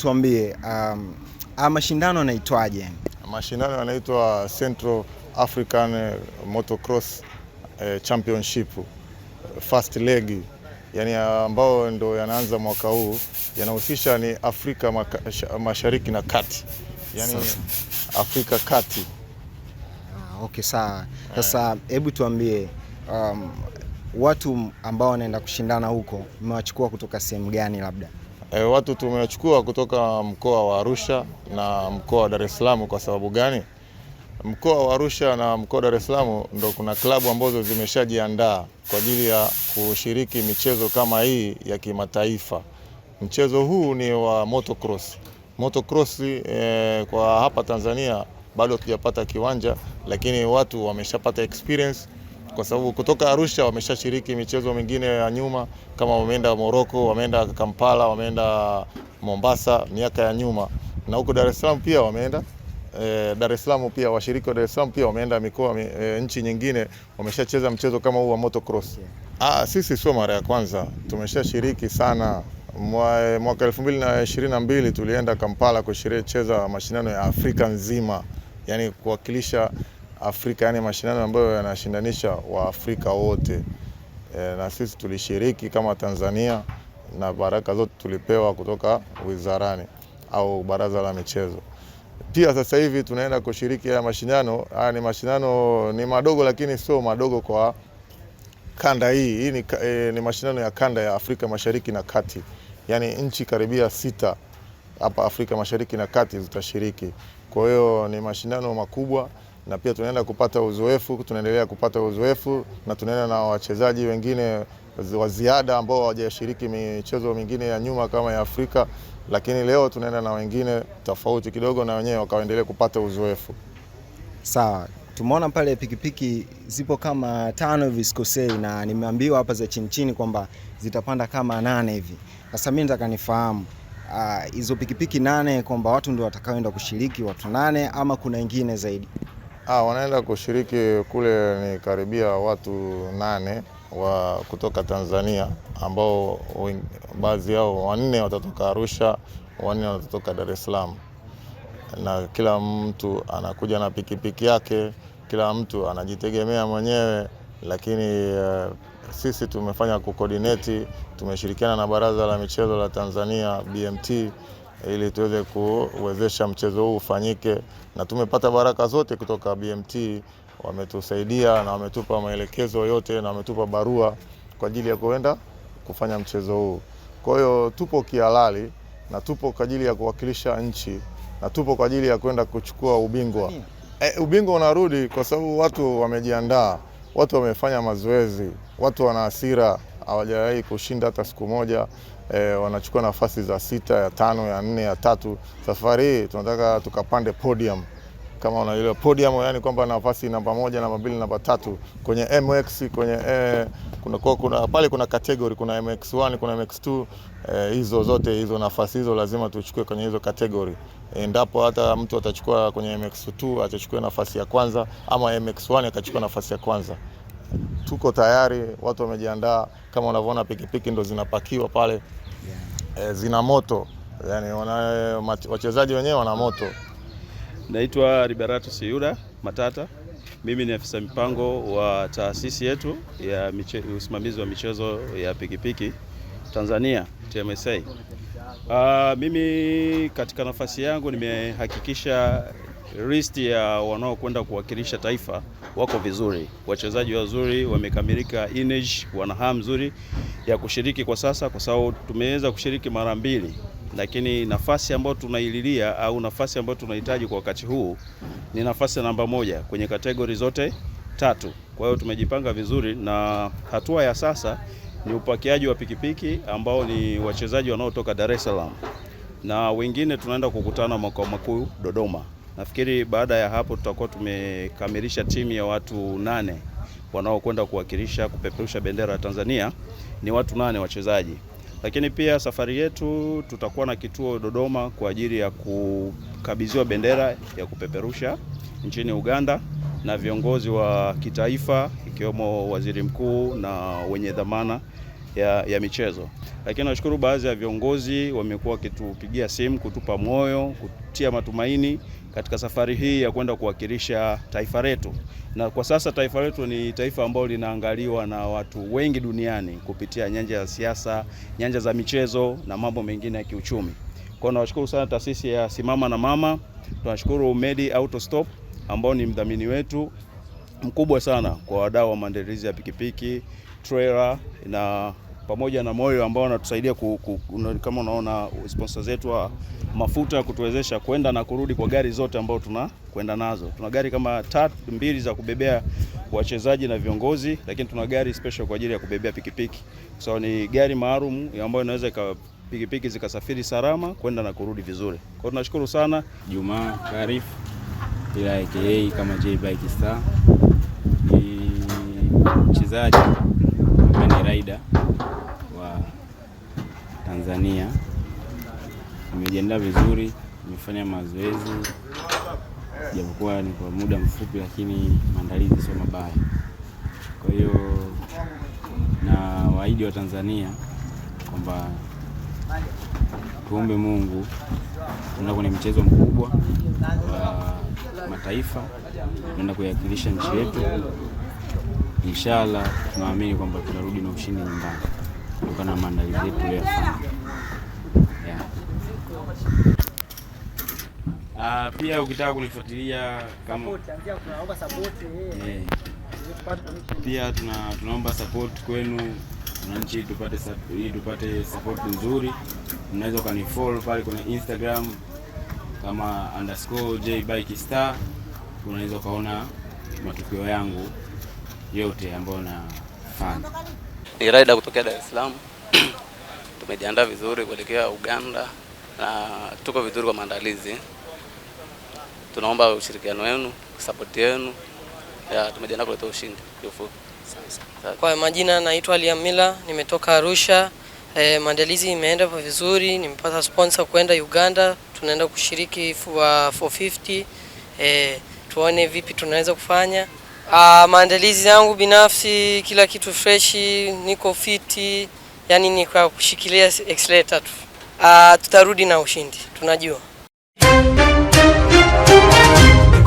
Tuambie, um, mashindano yanaitwaje? Mashindano yanaitwa Central African Motocross eh, Championship first leg, yani ambao ndo yanaanza mwaka huu, yanahusisha ni Afrika mashariki na kati, yani Afrika kati. Ah, okay, sawa. Eh. Sasa hebu tuambie um, watu ambao wanaenda kushindana huko mmewachukua kutoka sehemu gani labda? E, watu tumewachukua kutoka mkoa wa Arusha na mkoa wa Dar es Salaam. Kwa sababu gani? Mkoa wa Arusha na mkoa wa Dar es Salaam ndo kuna klabu ambazo zimeshajiandaa kwa ajili ya kushiriki michezo kama hii ya kimataifa. Mchezo huu ni wa motocross. Motocross e, kwa hapa Tanzania bado hatujapata kiwanja, lakini watu wameshapata experience kwa sababu kutoka Arusha wameshashiriki michezo mingine ya nyuma, kama wameenda Moroko, wameenda Kampala, wameenda Mombasa miaka ya nyuma, na huko Dar es Salaam pia wameenda e, Dar es Salaam pia washiriki wa Dar es Salaam pia wameenda mikoa e, nchi nyingine wameshacheza mchezo kama huu wa motocross. Ah, sisi sio mara ya kwanza, tumeshashiriki sana mwaka elfu mbili na ishirini na mbili tulienda Kampala kushiriki cheza mashindano ya Afrika nzima, yani kuwakilisha Afrika, yani mashindano ambayo yanashindanisha Waafrika wote e, na sisi tulishiriki kama Tanzania na baraka zote tulipewa kutoka wizarani au baraza la michezo. Pia sasa hivi tunaenda kushiriki haya mashindano. Haya ni mashindano ni madogo, lakini sio madogo kwa kanda hii. Hii ni, e, ni mashindano ya kanda ya Afrika Mashariki na Kati, yaani nchi karibia sita hapa Afrika Mashariki na Kati zitashiriki. Kwa hiyo ni mashindano makubwa na pia tunaenda kupata uzoefu, tunaendelea kupata uzoefu na tunaenda na wachezaji wengine wa ziada ambao hawajashiriki michezo mingine ya nyuma kama ya Afrika, lakini leo tunaenda na wengine tofauti kidogo, na wenyewe wakaendelea kupata uzoefu. Sawa, tumeona pale pikipiki zipo kama tano hivi sikosei, na nimeambiwa hapa za chini chini kwamba zitapanda kama nane hivi. Sasa mimi nataka nifahamu ah, hizo uh, pikipiki nane kwamba watu ndio watakaoenda kushiriki watu nane ama kuna ingine zaidi? Ah, wanaenda kushiriki kule ni karibia watu nane wa kutoka Tanzania ambao baadhi yao wanne watatoka Arusha, wanne watatoka Dar es Salaam, na kila mtu anakuja na pikipiki yake, kila mtu anajitegemea mwenyewe, lakini uh, sisi tumefanya kukoordinate, tumeshirikiana na Baraza la Michezo la Tanzania BMT ili tuweze kuwezesha mchezo huu ufanyike, na tumepata baraka zote kutoka BMT. Wametusaidia na wametupa maelekezo yote na wametupa barua kwa ajili ya kuenda kufanya mchezo huu. Kwa hiyo tupo kihalali na tupo kwa ajili ya kuwakilisha nchi na tupo kwa ajili ya kwenda kuchukua ubingwa. E, ubingwa unarudi kwa sababu watu wamejiandaa, watu wamefanya mazoezi, watu wana hasira, hawajawahi kushinda hata siku moja e, wanachukua nafasi za sita, ya tano, ya nne, ya tatu. Safari hii tunataka tukapande podium kama unaelewa podium, yani kwamba nafasi namba moja, namba mbili, namba tatu kwenye MX kwenye e, kuna, kuna, pale kuna category kuna MX1 kuna MX2 e, hizo zote hizo nafasi hizo lazima tuchukue kwenye hizo category. Endapo hata mtu atachukua kwenye MX2 atachukua nafasi ya kwanza ama MX1 akachukua nafasi ya kwanza tuko tayari, watu wamejiandaa. Kama unavyoona pikipiki ndo zinapakiwa pale yeah. E, zina moto yani, wana wachezaji wenyewe wana moto. Naitwa Liberato Siura Matata, mimi ni afisa mipango wa taasisi yetu ya miche, usimamizi wa michezo ya pikipiki Tanzania TMSA. Uh, ah, mimi katika nafasi yangu nimehakikisha listi ya wanaokwenda kuwakilisha taifa wako vizuri, wachezaji wazuri, wamekamilika image wana hamu nzuri ya kushiriki kwa sasa, kwa sababu tumeweza kushiriki mara mbili, lakini nafasi ambayo tunaililia au nafasi ambayo tunahitaji kwa wakati huu ni nafasi namba moja kwenye kategori zote tatu. Kwa hiyo tumejipanga vizuri, na hatua ya sasa ni upakiaji wa pikipiki ambao ni wachezaji wanaotoka Dar es Salaam na wengine tunaenda kukutana makao makuu Dodoma. Nafikiri baada ya hapo tutakuwa tumekamilisha timu ya watu nane wanaokwenda kuwakilisha kupeperusha bendera ya Tanzania, ni watu nane wachezaji. Lakini pia safari yetu tutakuwa na kituo Dodoma kwa ajili ya kukabidhiwa bendera ya kupeperusha nchini Uganda na viongozi wa kitaifa ikiwemo waziri mkuu na wenye dhamana ya, ya michezo. Lakini nashukuru baadhi ya viongozi wamekuwa wakitupigia simu kutupa moyo, kutia matumaini katika safari hii ya kwenda kuwakilisha taifa letu, na kwa sasa taifa letu ni taifa ambalo linaangaliwa na watu wengi duniani kupitia nyanja za siasa, nyanja za michezo na mambo mengine ya kiuchumi. Kwa hiyo nawashukuru sana taasisi ya Simama na Mama, tunashukuru Medi Auto Stop ambao ni mdhamini wetu mkubwa sana kwa wadau wa maandalizi ya pikipiki trailer na pamoja na moyo ambao wanatusaidia kama unaona sponsor zetu wa mafuta ya kutuwezesha kwenda na kurudi kwa gari zote ambao tunakwenda nazo. Tuna gari kama tatu mbili za kubebea wachezaji na viongozi, lakini tuna gari special kwa ajili ya kubebea pikipiki. So ni gari maalum ambayo inaweza pikipiki zikasafiri salama kwenda na kurudi vizuri. Kwa hiyo tunashukuru sana Juma Karif ila aka kama J Bike Star ni mchezaji kawaida wa Tanzania. Nimejiandaa vizuri, nimefanya mazoezi japokuwa ni kwa muda mfupi, lakini maandalizi sio mabaya. Kwa hiyo na waahidi wa Tanzania kwamba tuombe Mungu, tunaenda kwenye mchezo mkubwa wa mataifa, tunaenda kuiwakilisha nchi yetu inshallah tunaamini kwamba tutarudi na ushindi nyumbani kutokana na maandalizi yetu ya Yeah. Uh, pia ukitaka kunifuatilia kama eh. yeah. Pia tuna, tunaomba support kwenu wananchi, tupate ili tupate support nzuri. unaweza ukanifollow pale kwenye Instagram kama underscore jbikestar, unaweza ukaona matukio yangu yote ambayo nafanya. Ni rider kutokea Dar es Salaam. Tumejiandaa vizuri kuelekea Uganda na tuko vizuri kwa maandalizi. Tunaomba ushirikiano wenu, support yenu. Ya tumejiandaa kuleta ushindi Kwa majina naitwa Liam Mila, nimetoka Arusha. E, maandalizi imeenda kwa vizuri, nimepata sponsor kwenda Uganda, tunaenda kushiriki 450. E, eh, tuone vipi tunaweza kufanya. Uh, maandalizi yangu binafsi kila kitu freshi, niko fiti, yani ni kwa kushikilia accelerator tu. Uh, tutarudi na ushindi tunajua.